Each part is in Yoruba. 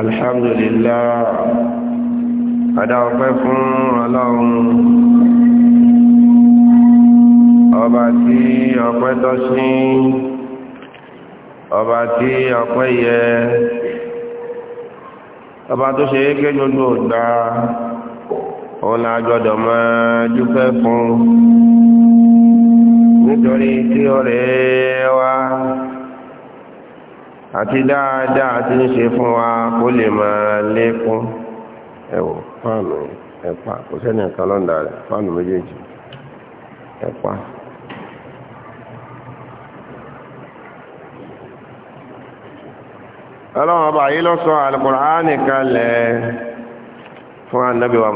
alhamdulillah adá ọpẹ́ fún ọlọ́run ọba tí ọpẹ́ tọ́ sí ọba tí ọpẹ́ yẹ ọba tó ṣe é ké gbogbo ìgbà òun la fún nítorí tí ó wá. àti dáadáa tí ń ṣe fún wa kó lè máa lékún ẹ̀wọ̀ fáànù kò sẹ́ni rẹ̀ fáànù méjèèjì fún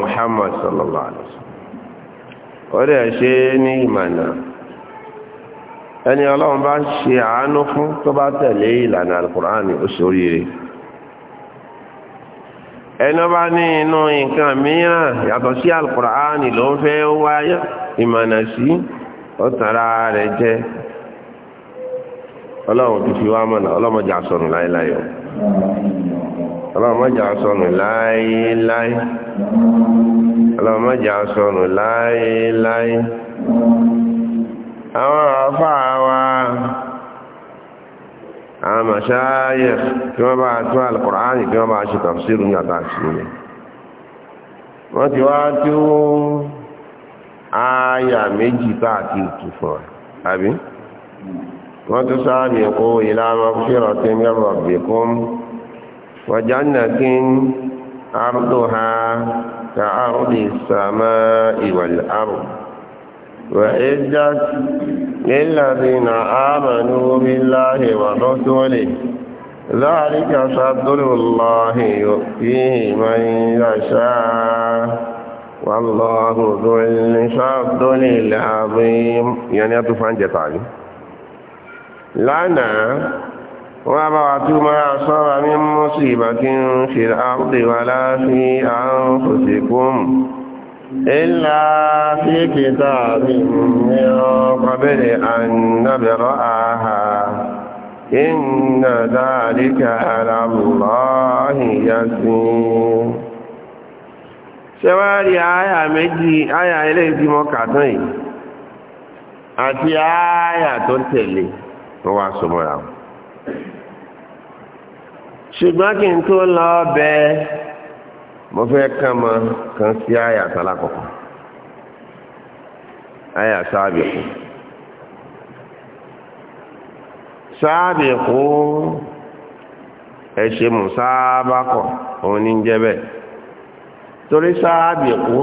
Muhammad sallallahu alaihi wasallam ó ṣe ní ẹni ọlọ́run bá ṣe àánú fún tó bá tẹ̀lé ìlànà alukur'ani ó ṣoríire ẹni ọba ní inú nǹkan mìíràn yàtọ̀ sí alukur'ani ló ń fẹ́ wáyé ìmọ̀nà sí ó tara rẹ̀ jẹ́ ọlọ́run ti fi wá mọ̀nà ọlọ́run mọ̀jà sọnù láéláé o ọlọ́run àwọn àfà wa àwọn màṣáyẹ tí wọ́n bá tó alìkùránì tí wọ́n bá ṣe tàfsírù ní àtàṣì ní wọ́n ti wá tí ó ááyà méjì táàkì ìtù fún wa àbí wọ́n tó sáàbì kó ilá mọ́fíìrọ̀ tí ń yọ̀rọ̀ bí وعزت للذين آمنوا بالله ورسوله ذلك فضل الله يؤتيه من يشاء والله ذو الفضل العظيم يعني أتفان جتاني لنا وما ما أصاب من مصيبة في الأرض ولا في أنفسكم إلا في كتاب من قبل أن نبرأها إن ذلك على الله يسير ṣẹwárí àyà méjì àyà ilé ìdímọ̀ kàtán yìí àti àyà tó tẹ̀lé ṣùgbọ́n kí n tó lọ bẹ́ẹ̀ mo fẹ kàn kan sí àyà sálákọ̀ọ́kọ́ àyà sáàbìkù sáàbìkù ẹ ṣe mùsáàbákọ̀ òun ní jẹ́ bẹ́ẹ̀ torí sáàbìkù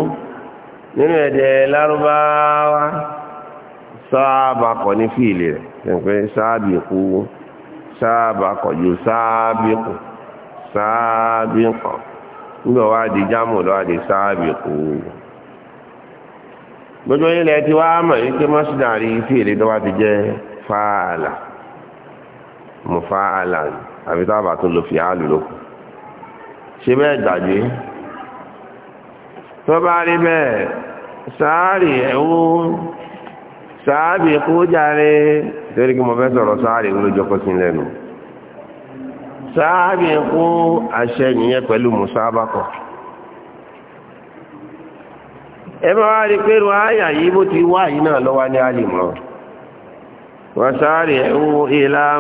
nínú ẹ̀dẹ̀ ní fíìlì ńgbọ̀ wá di jámù lọ́wọ́ di sáàbì kú gbogbo ilẹ̀ tí wàá mọ̀ yìí pé mọ́sídàrí fi èdè tó wá ti jẹ́ fáàlà mo fáàlà àbí tábà tó lo fìyàlù lókun ṣe bẹ́ẹ̀ gbàgbé tó bá rí bẹ́ẹ̀ sáàrì ẹ̀wọ́ sáàbì kú járe torí kí mo fẹ́ sọ̀rọ̀ sáàrì ń lójọ́kọ́ sí lẹ́nu. sáàbì kú àṣẹ nìyẹn pẹ̀lú musabakọ̀ ẹ wá rí pé wọ́n yìí bó ti wá yìí náà ọ ní alìmọ̀ wọ́n sáàrì ẹ̀wù ọ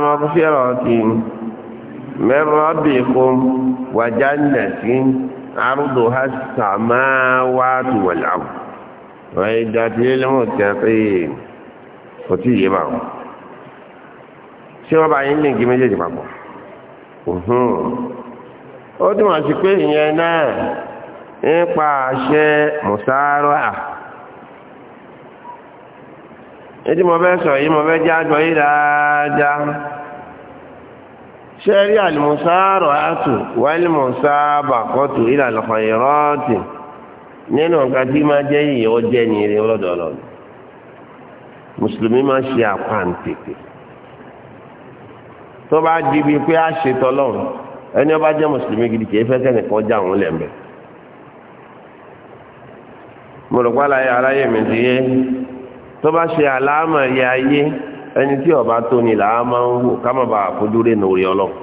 mọ́kúfẹ́rọ̀ ti mẹ́rọ́bìkún wàjánẹ̀sí àrùdò ha sàmáwàtú wàláwù wọ́n yìí tí bụ bá wọn ṣé wọ́n bá yín lè gé méjèèjì papọ̀. ó túmọ̀ sí pé ìyẹn náà nípa àṣẹ mùsáárà ètí mo fẹ́ sọ yìí mo fẹ́ jájọ yìí dáadáa ṣẹ́rí àlùmùsáàrò àtù wálìmùsáàbà kọ́tù ìlà nínú nǹkan tí máa jẹ́ yìí jẹ́ ní eré ọlọ́dọọlọ́dọ mùsùlùmí máa ṣe àpáǹtẹ̀tẹ̀ tó bá di bíi pé a ṣètò ọlọ́run ẹni ọba jẹ́ mùsùlùmí gidi kì í fẹ́ kẹ́nìkan já òun lẹ́mẹ̀. mo rò pálá yẹ mi ti yé tó ṣe àlámà yẹ ayé ẹni tí ọba tó ni là á máa ń wò ká má bàa fojú rè nù rí ọlọ́run.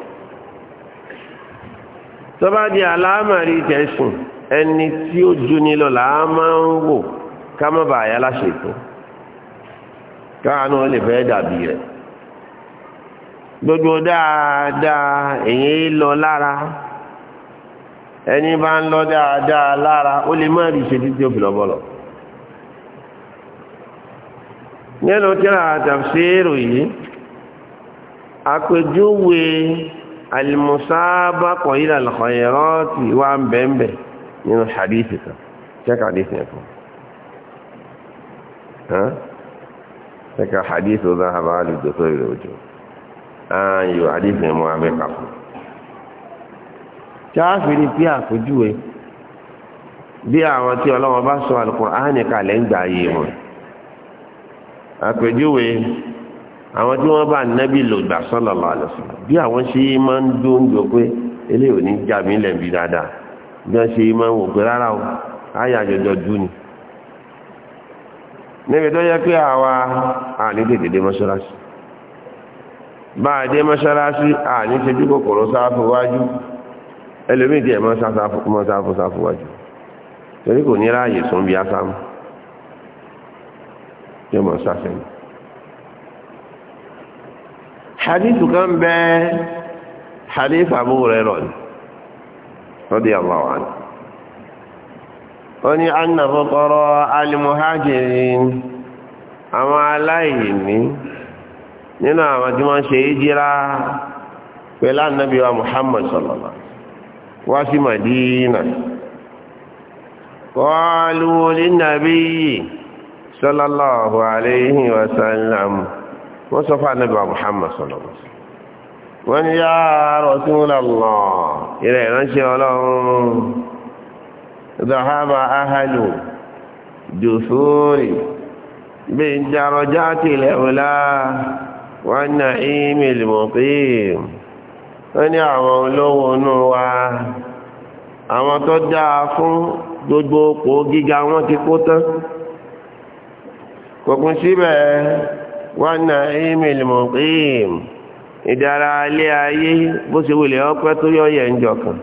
tó bá di àlámà rí tẹ̀sùn ẹni tí ó ju ni lọ là máa ń wò ká má bàa yá láṣẹ tó káàánú lè fẹ́ dàbí rẹ̀. gbogbo dáadáa èyí lọ lára ẹni bá ń lọ dáadáa lára ó lè má rí ìṣètí ó fi lọ́bọ̀lọ̀ nínú tíra tafsiru yìí àpèjúwe al-musābaqa ilā al-khayrāti ń bẹ̀ẹ̀bẹ̀ nínú hadith kan check hadith yẹn fún check hadith ó dáhàbá lè ayò àdéhùn ẹ̀mọ́ fún. a fi bí àwọn tí ọlọ́wọ́ bá sọ Al-Qur'ani wọn. àpèjúwe àwọn tí wọ́n bá nẹ́bí lò gbà sallallahu alaihi bí àwọn ṣe máa ń dóńdó pé eléyìí ò ní já mi lẹ̀bi dáadáa bí wọ́n ṣe máa ń wò pé rárá o ni. níbi tó yẹ pé àwa àní tètè bá a àní ṣojú kòkòrò sáfù wájú ẹlòmíì tí ẹ̀ mọ́ torí kò ní ráàyè sún bí asámú yóò mọ̀ sáfẹ́yìn. hadith kan bẹ hadith Abu Hurairah radiyallahu ní nínú àwọn tí wọ́n ṣe é jíra pẹ̀lú ànábì wa Muhammad sọlọ́lá wá sí Madina qalu linnabiyyi sallallahu alayhi wa sallam wọ́n sọ fún ànábì wa Muhammad sọlọ́lá wọ́n ní yá Rasulallah ilẹ̀ ìránṣẹ́ ọlọ́run ahalu dùsúrì bí ìjàrọ̀já tilẹ̀ wùlá. wọ́n na ímìlì mọ̀ pé wọ́n ní àwọn olówó inú wa àwọn tó gbogbo òpó gíga wọn ti kó tán kòkun síbẹ̀ wọ́n na ímìlì mọ̀ pé ìdára ilé ayé bó ṣe wulẹ̀ ọpẹ́ tó yọ yẹ̀ ń jọkàn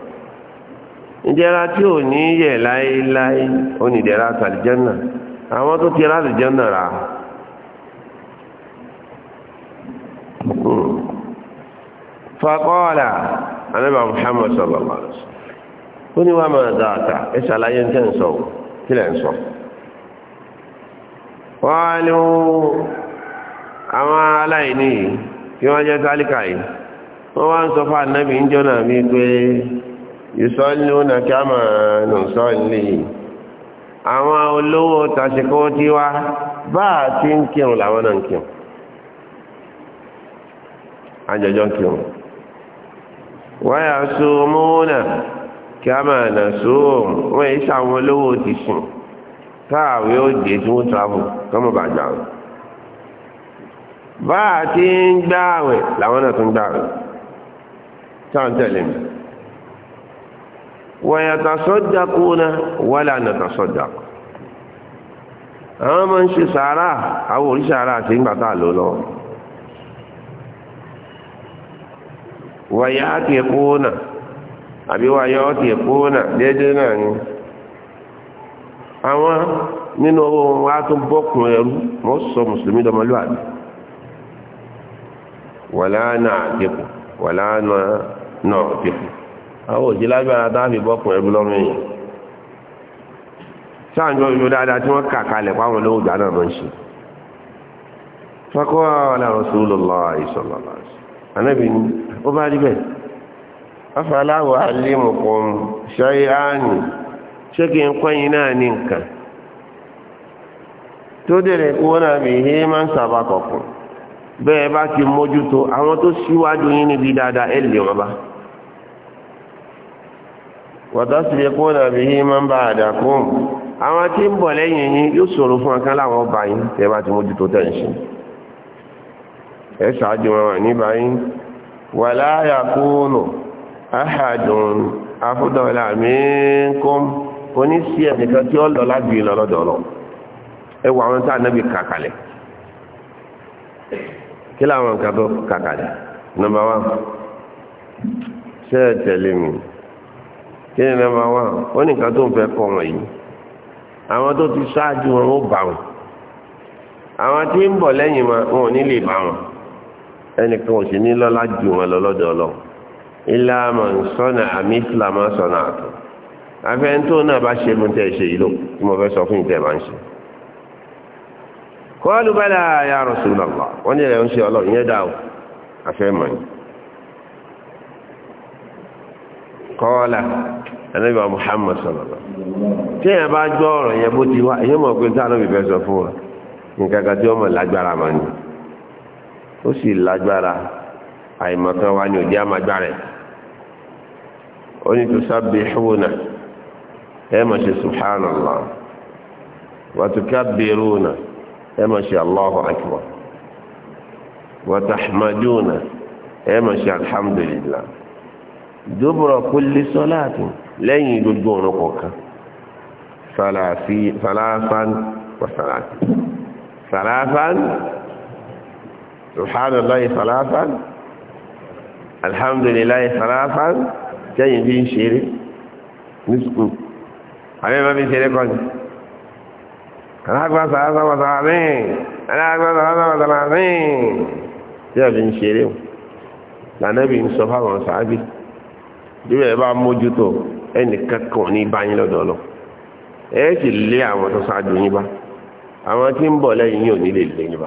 ìdẹ̀ra tí ò ní yẹ̀ láéláé ó ní tàlìjẹ́nà fàkọ́ọ̀là anábà muhammad sallallahu alaihi wasallam kí wọ́n jẹ́ tálíkà yìí wọ́n wá ń sọ fún anábì ń jọ́nà mí pé ìsọ́lé ó kí a máa nù sọ́lé àwọn olówó tí wá bá ń làwọn náà ويصومون كما نصوم ويسعولوا تسم káàwé ó dé tí wọ́n travel kọ́mọ̀ bá gbà wẹ̀ bá a ti ń gbà wẹ̀ làwọn náà tún gbà wẹ̀ táwọn tẹ̀lé mi wa yatasodakuna wala natasodaku àwọn ọmọ ń ṣe sàárà àwọn oríṣàárà àti ìgbà tá a lò lọ́wọ́ wa ti kúnà àbí wàyà ti kúnà déédéé náà ni àwọn nínú owó wọn wá tún bọ́kùn ẹrú wọ́n sọ mùsùlùmí dọmọlúwàbí wàlá náà àdìkù wàlá náà àdìkù fakọ́ anábì ní ó bá rí bẹ́ẹ̀ afọláwọ̀ alímùkùn ṣáyé áàní ṣé kí kọ́yìn náà ní nǹkan tó náà bí ihe máa ń sábà kọ̀ọ̀kan bẹ́ẹ̀ bá ti mójútó àwọn tó síwájú yín níbi dáadáa ẹ̀ lè wọn bá wàtásìlẹ̀kọ́nà bí i máa ń bá àdàkùn àwọn tí ń bọ̀ lẹ́yìn yín yóò fún tẹ́ bá ti ẹ ṣáájú wọn níbà yín wà láyà kúrò áhàdùn afúdọ̀lá mẹ́kún kò ní tí ó lọ lágbè lọ́lọ́dọ̀ọ́lọ́ ẹ wọ àwọn tá a kàkàlẹ̀ kí láwọn nǹkan tó kàkàlẹ̀ wá tẹ̀lé mi kí ni wá ó nìkan tó ń fẹ́ kọ́ wọn yìí àwọn tó ti ṣáájú ẹnìkan ò sì ní lọ́lá jù wọn lọ lọ́dọ̀ àmọ̀ sọ́nà àmì ìsìlámà sọ́nà àtọ̀ afẹ́ tó náà bá ṣe mú tẹ́ ṣe yìí lò tí mo fẹ́ sọ fún ìtẹ́ bá ń ṣe. bala ya Rasulullah wọ́n ní ẹ̀rọ ń ṣe ọlọ́run yẹn afẹ́ mọ̀ ní. Muhammad sallallahu tí èèyàn bá gbọ́ ọ̀rọ̀ yẹn bó ti wá èèyàn mọ̀ pé táwọn òbí ó sì lágbára àìmọ̀kan wa ni òjá máa gbára ẹ̀ ó ní tusabbihuna ẹ máa ṣe subhanallah wa tukabbiruna ẹ máa ṣe allahu akbar wa tahmaduna ẹ máa ṣe alhamdulillah dubura kulli salatin lẹ́yìn gbogbo ọ̀rọ̀ kọ̀ọ̀kan salasan wa salatin subhanallahi salasan alhamdulillahi salasan jẹ́yìn bí ń ṣeré ní skul àmì ìmọ̀ bí ń ṣeré kọ́ni alágbàsá sọ́wọ́sọ́ àmì alágbàsá sọ́wọ́sọ́ àmì jẹ́ bí ń ṣeré lànàbí ń sọ fáwọn sáábì bí wẹ́ẹ̀ bá mójútó ẹnìkan kan ní báyìí lọ́dọ̀ lọ ẹ sì lé àwọn tó ṣáájú yín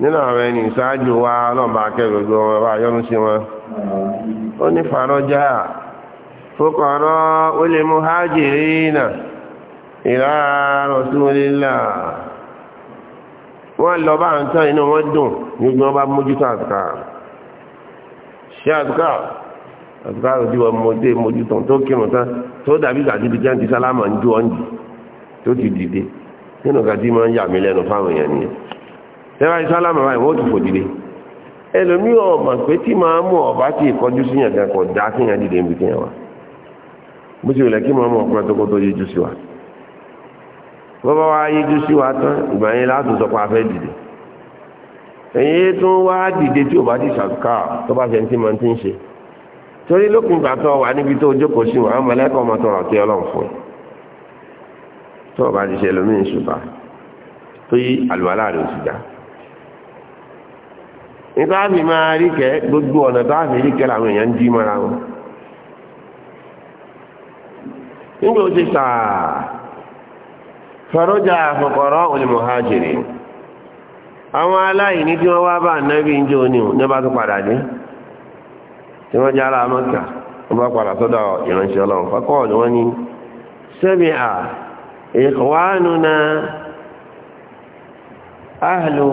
nínú àwọn ẹni ìṣáájú wa ọlọ́ọ̀bá akẹ́rù wọn wá yọ́nú sí wọn ó ní fàrọjá fókànrọ́ ó lè mú hajjìrínà ìlà rọ̀súnlélà wọ́n lọ bá ń tán inú wọn dùn nígbà wọn bá mójútó àtùkà ṣe àtùkà àtùkà rò díwọ mọdé mójútó tó kírun tán tó dàbí tẹ́wà ìsálámà báyìí wọ́n ti fò ẹlòmí ọmọ pé tí máa mú ọba tí ìkọjú sí yàn kankan dá sí yàn dìde níbi kíyàn wa bó ti rẹ̀ kí máa mú ọkùnrin tó kó tó yíjú sí wa bọ́bá wa yíjú sí wa tán ìgbà yẹn láti sọ pé a fẹ́ dìde ẹ̀yin tó wá dìde tí ò bá ti ṣàkà tó bá fẹ́ ní tí máa ti ń ṣe torí lókun ìgbà tó wà níbi tó jókòó sí wọn àwọn mọ̀lẹ́kọ̀ ọmọ tó rà kí ọlọ́run fún nígbà àmì máa rí kẹ gbogbo ọ̀nà tó àmì rí kẹ làwọn èèyàn ń dí mọ́ra wọn nígbà ó ti sàá olùmọ̀hájìrì àwọn aláìní tí wọ́n wá bá nẹ́bí ń jẹ́ ní tó padà dé tí wọ́n jẹ́ ara ọ wọ́n bá padà sọ́dọ̀ ìránṣẹ́ ọlọ́run fọ́kọ́ ni wọ́n ní sẹ́mi à na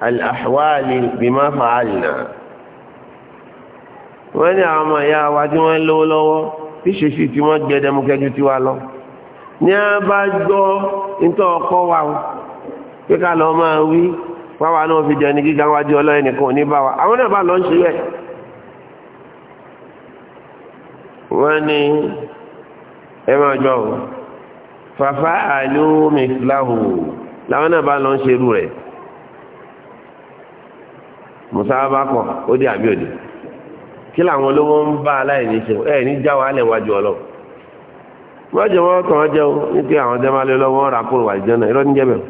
alahwali bima fa'alna wọ́n ní àwọn ọmọ ìyá wa tí wọ́n lówó lọ́wọ́ tí ṣèṣì tí wọ́n gbẹdẹmukẹjú tí wa lọ ní a bá gbọ́ nítorí ọkọ wa pé ká lọ máa wí wáwa náà fi jẹ ní gíga wájú ọlọ́yìn ní bá wa àwọn náà bá lọ ń ṣe bẹ́ẹ̀ wọ́n ní ẹ máa gbọ́ fàfà àlú mìfìláhù làwọn náà bá lọ ń ṣerú rẹ̀ mùsàlábà kọ ó dé àbí òde kí làwọn olówó ń bá aláìní ṣe ẹ ní já wàhálà ìwájú ọlọ́run wọ́n jẹ́ wọ́n tàn án jẹ́ o nítorí àwọn ọ̀dẹ́ máa lé lọ́wọ́ ra kúrò wà jẹ́ náà irọ́ ní jẹ́ bẹ̀rẹ̀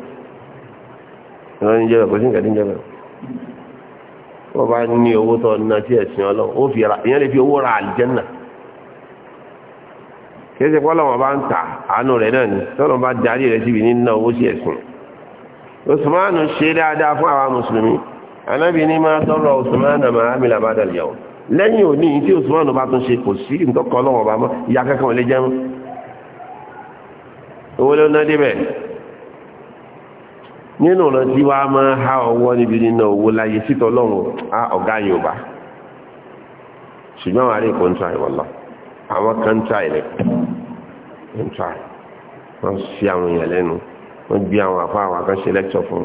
irọ́ ní jẹ́ bẹ̀rẹ̀ kò sí nǹkan ní jẹ́ bẹ̀rẹ̀ wọ́n bá ní owó tó ọ̀nà tí ẹ̀sìn ọlọ́run ó fi ra ìyẹn lè fi owó ra àlìjẹ́nà kìí ṣe pọ́lọ́ wọn bá ń tà àánú rẹ̀ náà ni tọ́lọ́ bá darí rẹ̀ síbi nínú owó sí ẹ̀sìn Usmanu ṣe dáadáa fún àwa mùsùlùmí anábì ní máa tọrọ Usman àmà amìlà bá dàlẹ̀ yàwó lẹ́yìn òní tí Usman bá tún ṣe kò sí ìtọ́kọ̀ ọlọ́wọ̀n bá mọ́ ìyá kankan lè jẹun owó ló ná débẹ̀ nínú ọ̀nà tí wá máa há ọwọ́ níbi nínú owó láyé sítọ̀ lọ́wọ́ á ọ̀gá yóò bá ṣùgbọ́n àárẹ̀ kò ń tra ìwọ̀lọ́ àwọn kan ń tra ilẹ̀ ń tra wọ́n fi àwọn èèyàn lẹ́nu wọ́n gbé àwọn àfáà wà kan lẹ́kṣọ̀ fún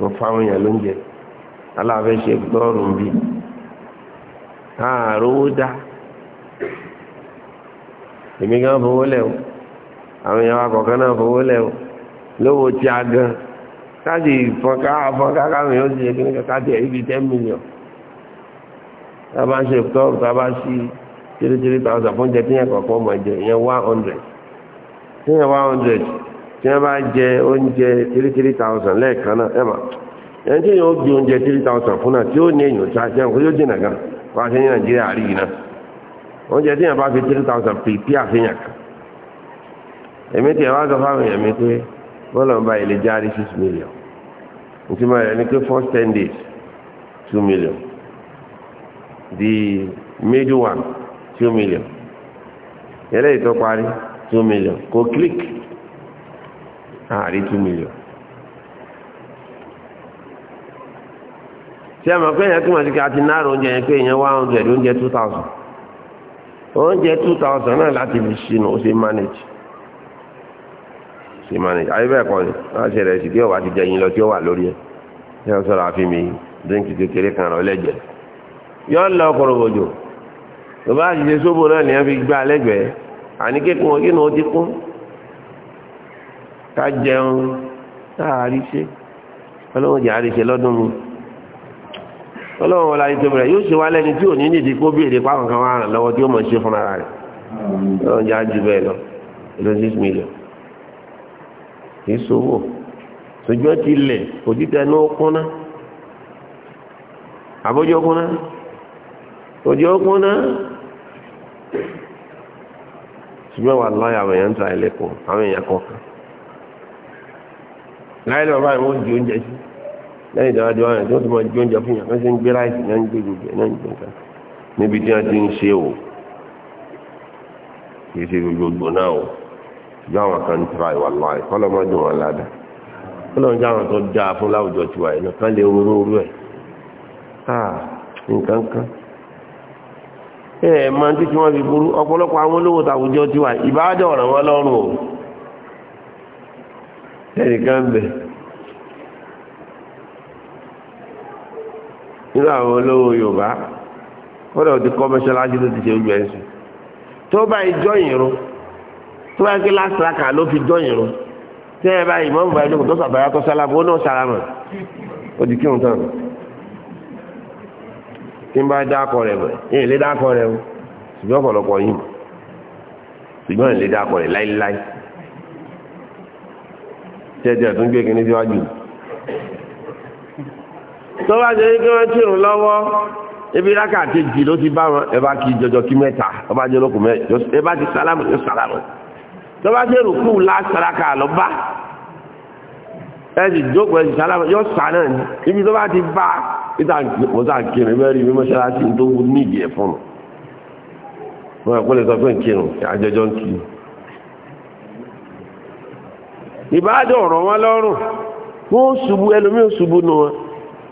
wọn fáwọn èèyàn lóúnjẹ aláàfẹ́ ṣe gbọ́rùn bí àrówó dá èmi gan fowó lẹ̀ o àwọn èèyàn wa kọ̀ọ̀kan náà fowó lẹ̀ o lówó tí a gan káàdì ìfọ̀nká àfọ̀nká káwọn èèyàn ti ṣe kí ní káàdì ẹ̀rí bíi ten million tá a bá ṣe tọ́ọ̀rù tá a bá ṣí three three thousand fún jẹ tí yẹn kọ̀ọ̀kan mọ̀ jẹ ìyẹn one hundred tí yẹn one hundred tí yẹn bá jẹ oúnjẹ three three thousand lẹ́ẹ̀kan náà ẹ̀ máa ẹni tí yóò gbé oúnjẹ three thousand fún náà tí ó ní èèyàn tí a jẹun kó yóò jìnà gan kó a ṣe ní nàìjíríà rí iná oúnjẹ tí yẹn bá fi three thousand pè pí àfihàn kan èmi tí ẹ wá sọ fáwọn èèyàn mi pé bọ́ọ̀lù ọba ilé jáde six million nítorí máa yẹ pé first ten days two million the middle one two million eléyìí tó two million kò click àárí two million. tí a máa pé èèyàn túmọ̀ sí kí a ti náà oúnjẹ yẹn pé èèyàn one hundred oúnjẹ two thousand oúnjẹ two thousand náà láti fi sínú ó ṣe manage ṣe manage ayé bẹ́ẹ̀ kọ́ ni wọ́n ṣe rẹ̀ sí bí ọ̀wá ti jẹ yín lọ tí ó wà lórí ẹ̀ tí wọ́n sọ̀rọ̀ àfi mi dínkì kékeré kan rọ̀ lẹ́jẹ̀ yọ lọ kọ̀rọ̀bọ̀jọ̀ tó bá ti ṣe sóbò náà nìyẹn fi gbá lẹ́gbẹ̀ẹ́ àní kékun kí ni ó ti kún ká jẹun táà rí ọlọ́run jẹ́ àríṣe lọ́dún mi. ọlọ́run wọlé ayé tóbi rẹ̀ yóò ṣe wá lẹ́ni tí ò ní nídi kó béèrè páwọn kan wá ràn lọ́wọ́ tí ó mọ̀ ṣe fúnra rẹ̀ ọlọ́run já ju bẹ́ẹ̀ lọ six million kì í ẹ ti lẹ̀ òjú tẹnu kúnná àbójú kúnná òjú kúnná ṣùgbọ́n wà lọ́yà àwọn èèyàn ń ta ilẹ̀kùn àwọn èèyàn kọ̀ọ̀kan láyé di oúnjẹ sí. lẹ́yìn ìdáwájú wa rẹ̀ tí wọ́n ti mọ oúnjẹ fún yàn wọ́n ń gbé ráìsì náà ń gbé gbogbo náà ń gbé nǹkan níbi tí wọ́n ti ń ṣe o kì í ṣe gbogbo náà o ju àwọn kan ń tura ìwà lọ́wọ́ ìkọ́lọ́mọdún wọn ládàá kọ́lọ́mọdún jáwọn tó dáa fún láwùjọ tiwa yìí náà kán lè oró orú ẹ̀ ah, nǹkan kan ẹ máa ń títí wọn fi burú ọ̀pọ̀lọpọ̀ àwọn olówó tiwa ìbáàdọ̀ ọ̀ràn wọn lọ́rùn o ẹnìkan nínú àwọn olówó yorùbá kódà ó ti kọ́ mọ́ṣáláṣí tó ti ṣe ojú ẹ̀sìn tó bá ìjọ ìrún tó bá ké lásìlákà ló fi jọ ìrún tẹ́ ẹ bá ìmọ̀ nǹkan ẹ̀dọ́kùn tó sàbáyá tó sálámù ó náà sálámù ó ti kírun tán tí n bá dákọ̀ rẹ̀ mọ̀ ẹ̀yìn lé dákọ̀ rẹ̀ mọ̀ ṣùgbọ́n ọ̀pọ̀lọpọ̀ yìí mọ̀ ṣùgbọ́n ẹ̀yìn lé dákọ̀ rẹ̀ láíláí tẹ́tẹ́ ẹ̀ tó ń gbé kinní síwájú tó bá jẹ́ nke wọ́n kírun lọ́wọ́ ebi rákà kejì ló ti bá wọn ẹ bá kí jọjọ kí mẹ́ta ọ bá jẹ́ lókun mẹ́ ẹ bá ti sálámù yóò sálámù tó bá jẹ́ rùkú lásàràkà lọ bá ẹ sì jókòó ẹ sì sálámù yóò ibi tó bá ti bá ìta mọ̀tà kírun bẹ́ẹ̀ tó wù ẹ̀ fún wọn sọ pé ń kí ọ̀rọ̀ wọn lọ́rùn wọn ò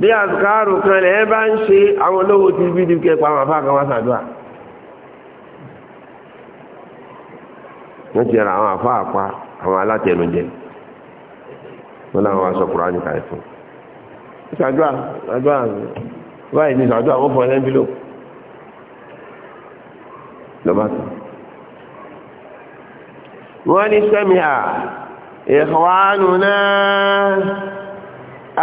bí àzùkárù kan lẹ́yìn bá ń ṣe àwọn olówó ti bí dúkẹ́ pa àwọn wá sàdúrà wọ́n ti ra àwọn afá àwọn alátẹnujẹ wọ́n láwọn aṣọ kùrá ní kàí fún wọ́n fọ ẹlẹ́bí lò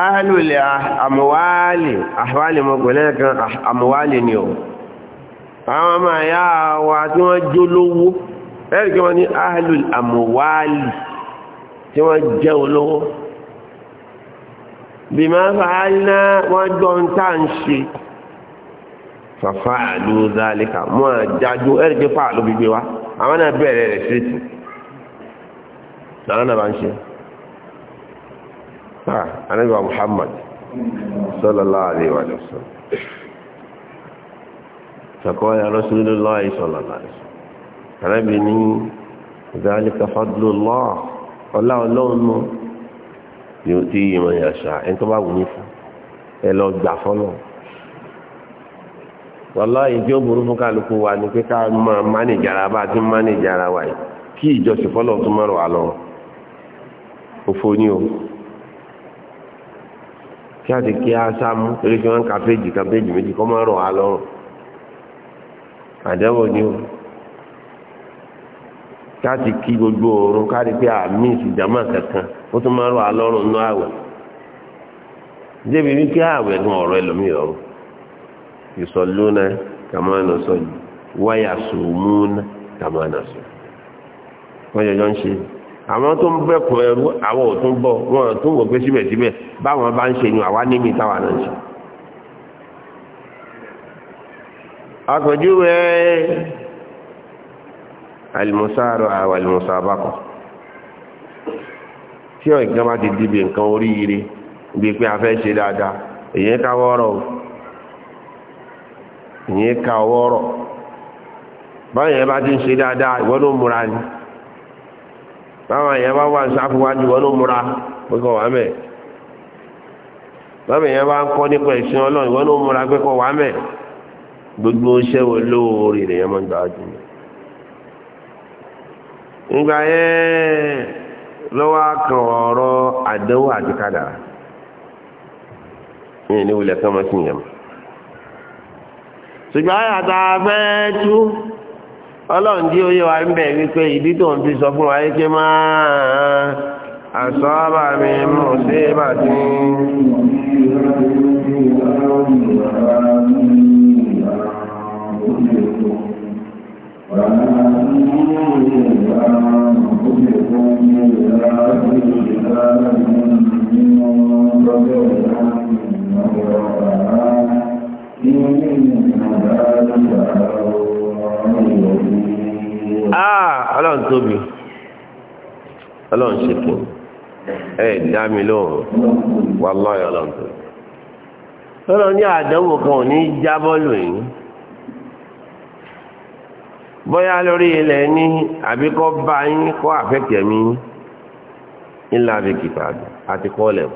ahàlùlẹ̀ àmúwálì àwálì mọ̀gbẹ̀lẹ́ kan àmúwálì ni ọ̀ àwọn ọmọ àyá wa tí wọ́n jó lówó ẹ́rìkẹ́ wọ́n ní ahàlùlẹ̀ àmúwálì tí wọ́n jẹ́ olówó bí máa fàálá wọ́n jọ ń tà ń ṣe fàfà àlú mọ́ àjájú ẹ́rìkẹ́ fàálù gbígbé wa àwọn náà bẹ̀rẹ̀ rẹ̀ sí ètò ah anabi wa muhammad sallallahu alaihi wa sallam فقال رسول الله صلى الله عليه وسلم anabi ذلك فضل الله ọlá ọlọ́run mọ́ yóò tí ìmọ̀ ìyàṣà ẹni tó bá wù ní fún ẹ lọ gbà fọ́nà wàláyé tí ó burú fún kálukú wa ni pé kí a ti kí a sáàmú torí kí wọ́n ń ka péjì ka péjì méjì kọ́ máa rọ̀ wá lọ́rùn àdẹ́wò ni o kí a ti kí gbogbo oorun ká rí pé àmì ìsìdámà kankan ó tún máa rọ̀ wá lọ́rùn nú àwẹ̀ débi wípé àwẹ̀ gan ọ̀rọ̀ ẹlòmíì ọ̀rọ̀ ìsọ̀lónà kàmánà sọ̀lù wáyà sòmúnà kàmánà sọ̀lù wọ́n yọjọ́ ń ṣe àwọn tó ń bẹ̀kọ̀ ẹrú àwọn ò wọn tó pé síbẹ̀síbẹ̀ báwọn bá ń ṣe ni àwa níbi táwa náà ṣe. àpèjúwe alimusaaro àwọn tí ọ̀ ìkan bá ti dìbì nǹkan oríire bí pé a fẹ́ se dáadáa èyí ká wọ́rọ̀ èyí ti ń ṣe dáadáa ìwọ́n ló báwọn èèyàn bá wà sáfù wájú wọn ló múra pé wà mẹ báwọn èèyàn bá ń kọ́ nípa ẹ̀sìn ọlọ́run wọn ló múra pé wà gbogbo iṣẹ́ wo lóore lèèyàn máa ń gbà jù mí. ńgbà yẹn lọ́wọ́ kan ọ̀rọ̀ àti ní tú. ọlọ́run tí ó yẹ wa ń bẹ̀ wípé ìdí tó ń fi sọ fún wa yìí máa àsọ́ọ́bà mi mú sí bàtí. Thank you ah ọlọ́run tóbi ọlọ́run ṣètò ẹ dá mi lóhùn wà lọ́yọ̀ ọlọ́run tóbi ọlọ́run ní àdánwò kan ò ní jábọ́ lóyìn bóyá lórí ilẹ̀ ní àbíkọ́ bá yín kọ́ àfẹ́kẹ̀ mi ńlá bí kìtà àti kọ́lẹ̀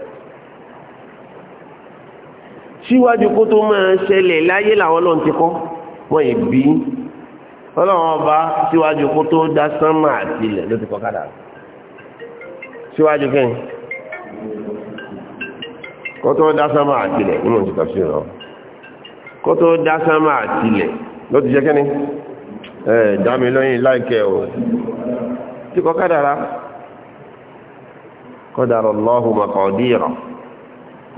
síwájú kó tó máa ṣẹlẹ̀ láyé làwọn ọlọ́run ti kọ́ wọ́n yìí bí ọlọ́run ọba síwájú kó tó dá sánmà àti ilẹ̀ ló ti kọ kádà síwájú kẹ́yìn kó tó dá sánmà àti ilẹ̀ ní mò ń ti tọ́sí rọ kó tó dá sánmà àti ilẹ̀ ló ti jẹ́ kẹ́ni ẹ̀ dámi lóyìn láìkẹ́ o ti kọ kádà rà kọ́dàrọ̀ lọ́hùn mọ̀kọ́dìrọ̀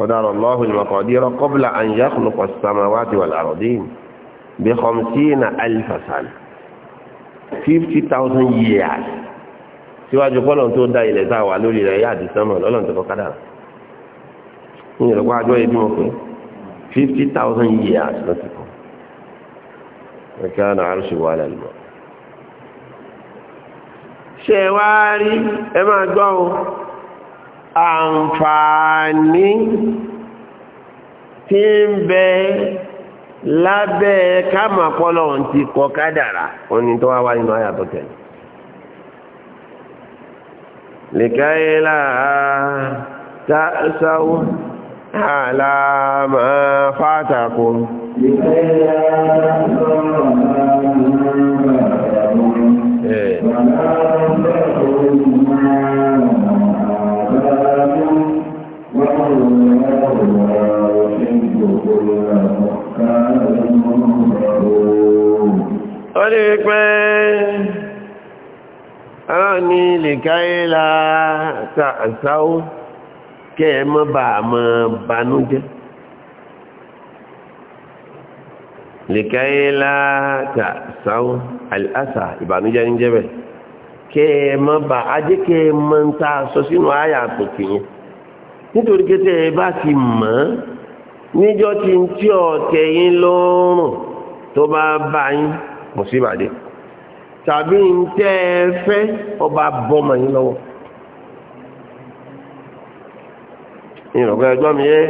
قدر الله المقادير قبل أن يخلق السماوات والأرضين بخمسين ألف سنة fifty thousand years síwájú pọ́lọ̀ tó da ilẹ̀ tá a wà lórí rẹ̀ yáàdì sánmọ̀ lọ́lọ́n tó kọ́kádà ní ìrọ̀pá àjọ ẹbí wọn pé fifty thousand years ló ti kọ́ ẹ̀ka ọ̀nà àrùsù wà lẹ́nu. ṣé wá rí ẹ máa gbọ́ o àǹfààní tí ń bẹ lábẹ́ káàmù àpọ́lọ̀ ń ti kọ kádàrà òní tó wá wá nínú àyà tó tẹ̀lé. lìkàyélà sáwó àlàmà fàtàkùn. lìkàyélà sáwó àlàmà fàtàkùn. torí pé ọ̀rọ̀ ni lèkáyé la sáwó kẹ́ ẹ mọ́ bá mọ́ banújẹ́ lèkáyé la sáwó àlásà ìbànújẹ́ ń jẹ́ bẹ̀ kẹ́ ẹ mọ́ bá ajé kẹ́ ẹ mọ́ ń ta sọ sínú àyà àtòkè nítorí kété ẹ bá ti mọ̀ níjọ́ tí ń tí ọ̀tẹ̀ lọ́rùn tó bá bá mùsíbà dé tàbí ń tẹ́ ẹ fẹ́ ọba bọ́mọ yín lọ́wọ́ ìrọ̀gbọ́ ẹgbọ́n mi yé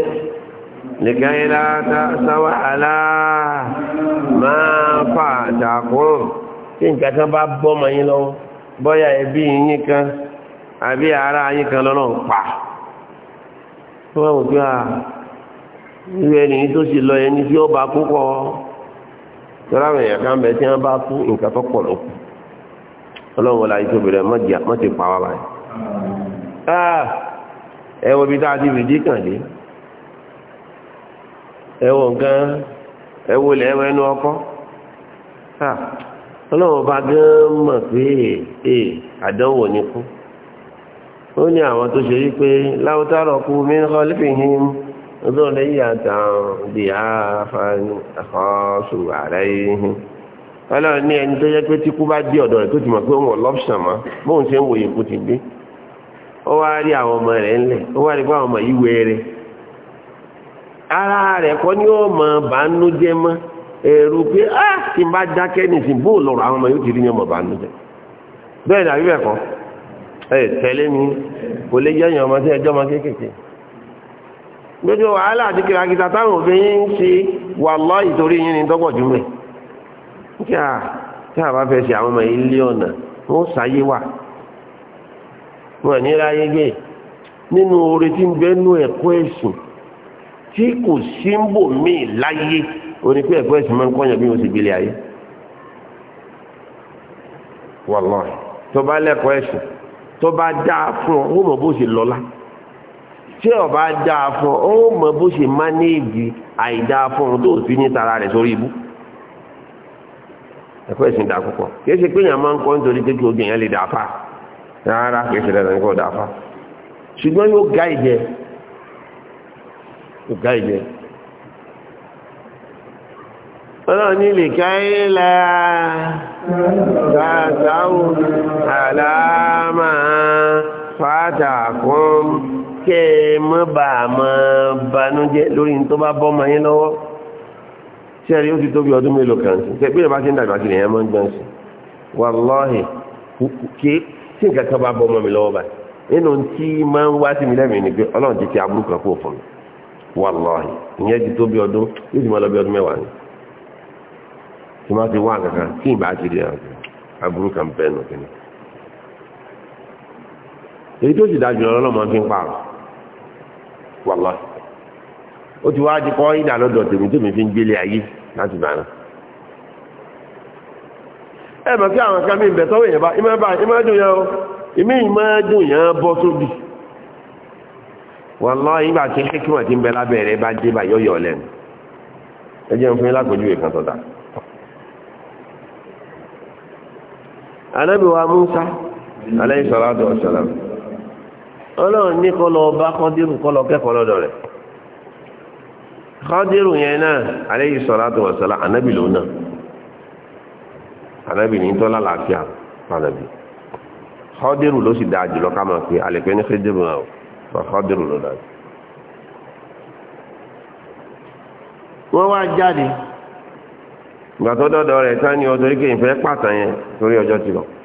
nìkan yín láta sáwà àlá máa fà àtàkùn tí nǹkan kan bá bọ́mọ yín lọ́wọ́ bọ́yá ẹbí yín kan àbí ara yín kan lọ́nà pa wọ́n wọ́n wò pé à tó sì lọ ẹni tí ó bá kúkọ́ ọ́ tọ́lá àwọn èèyàn kan bẹ̀ tí wọ́n bá fún nǹkan tó pọ̀ lọ́kù ọlọ́run wọlé àyíkó bẹ̀rẹ̀ mọ́ ti pa wá báyìí. Ah, ẹ wo ibi tá a ti fìdí kàn dé ẹ wo nǹkan ẹ wo ilẹ̀ ẹwọ ẹnu ọkọ́ ah, ọlọ́run bá gán mọ̀ pé ee eh, àdánwò ni kú ó ní àwọn tó ṣe yí pé láwùjọ àrọ̀kú mi ń kọ́ lífìhìn. ذرية ضعافا أخاف عليهم ọlọ́run ní ẹni tó yẹ pé tí kú bá dé ọ̀dọ̀ rẹ̀ tó ti mọ̀ pé òun ọ̀lọ́pṣàn mọ́ bóun ṣe ń wòye kú ti gbé ó wá rí àwọn ọmọ rẹ̀ ńlẹ̀ ó wá rí pé àwọn ọmọ yìí wẹ̀rẹ̀ ara rẹ̀ kọ́ ni ó mọ̀ bánújẹ́ mọ́ èrò pé á ah, tí n bá dákẹ́ nìsín bó lọ́rọ̀ àwọn ọmọ yóò ti rí ní ọmọ bánújẹ́ bẹ́ẹ̀ ni àbí bẹ́ẹ̀ kọ́ ẹ tẹ́lẹ̀ mi kò lè jẹ́ ẹ̀yàn ọmọ sí ẹjọ́ ọmọ kéékèèké gbogbo wàhálà àti kìràkìtà táwọn òfin yín ń ṣe wà lọ ìtorí yín ni dọ́gbọ̀jú a tí a bá fẹ́ ṣe àwọn ọmọ ilé ọ̀nà wọ́n sáyé wà wọ́n ní ráyé gbé nínú oore tí ń bẹ́nu ẹ̀kọ́ ẹ̀sìn tí kò sí ń bò míì láyé orí pé ẹ̀kọ́ ẹ̀sìn máa ń kọ́yàn bí wọ́n gbélé ayé tí ọba dáa fún ọ ó mọ bó ṣe mánéèjì àìdáa fún ọ tó fi ní tara rẹ̀ sórí ibú ẹ̀kọ́ ìsìn dáa púpọ̀ kìí ṣe pé èèyàn máa ń kọ́ nítorí pé kí obìnrin lè dáa fà rárá kìí ṣe dandan kó dáa fà ṣùgbọ́n yóò gá ìjẹ yóò gá ìjẹ ọlọ́run ní lè káyé la ṣàṣàwò àlàámà fàtàkùn kẹ́ ẹ mọ́ bá a mọ́ banújẹ́ lórí tó bá bọ́ ọmọ yẹn lọ́wọ́ tí ẹ̀rí ó ti tóbi ọdún mélòó kan sí tẹ́gbẹ́ ti ń dàgbà kiri mọ́ ń gbọ́n kí tí bá bọ́ mi lọ́wọ́ nínú tí máa ń wá sí mi lẹ́mìí ni pé ọlọ́run ti ti aburú kan kó fún mi ìyẹn ti tóbi ọdún yóò ti máa lọ bí ọdún mẹ́wàá ni tí máa ti wá kankan tí ìbá ti aburú wàlọ́ o ti wá di kọ́ ìdá fi ń gbélé ayé láti bàrán ẹ mọ̀ sí àwọn kan bẹ̀ sọ́wọ́ o ime ìmọ̀ dùn yẹn bọ́ sóbì wàlọ́ ìgbà tí ti ń bẹ lábẹ́ bá dé bá yọ̀yọ̀ lẹ́nu ẹ fún Musa alayhi salatu wa ọlọ́run ní kó lọ bá kọ́dírù kó lọ kẹ́kọ̀ọ́ lọ́dọ̀ rẹ̀ kọ́dírù yẹn náà alayhi salatu wa salam ànábì lòun náà ànábì ní tọ́lá làáfíà ànábì kọ́dírù ló sì dáa jùlọ ká máa pe àlẹ́pẹ́ ní kọ́dírù náà wọ́n kọ́dírù ló dáa. wọ́n wá jáde ìgbà dọ́dọ̀ rẹ̀ sáni ọjọ́ orí fẹ́ pàtàn yẹn torí ọjọ́ ti lọ.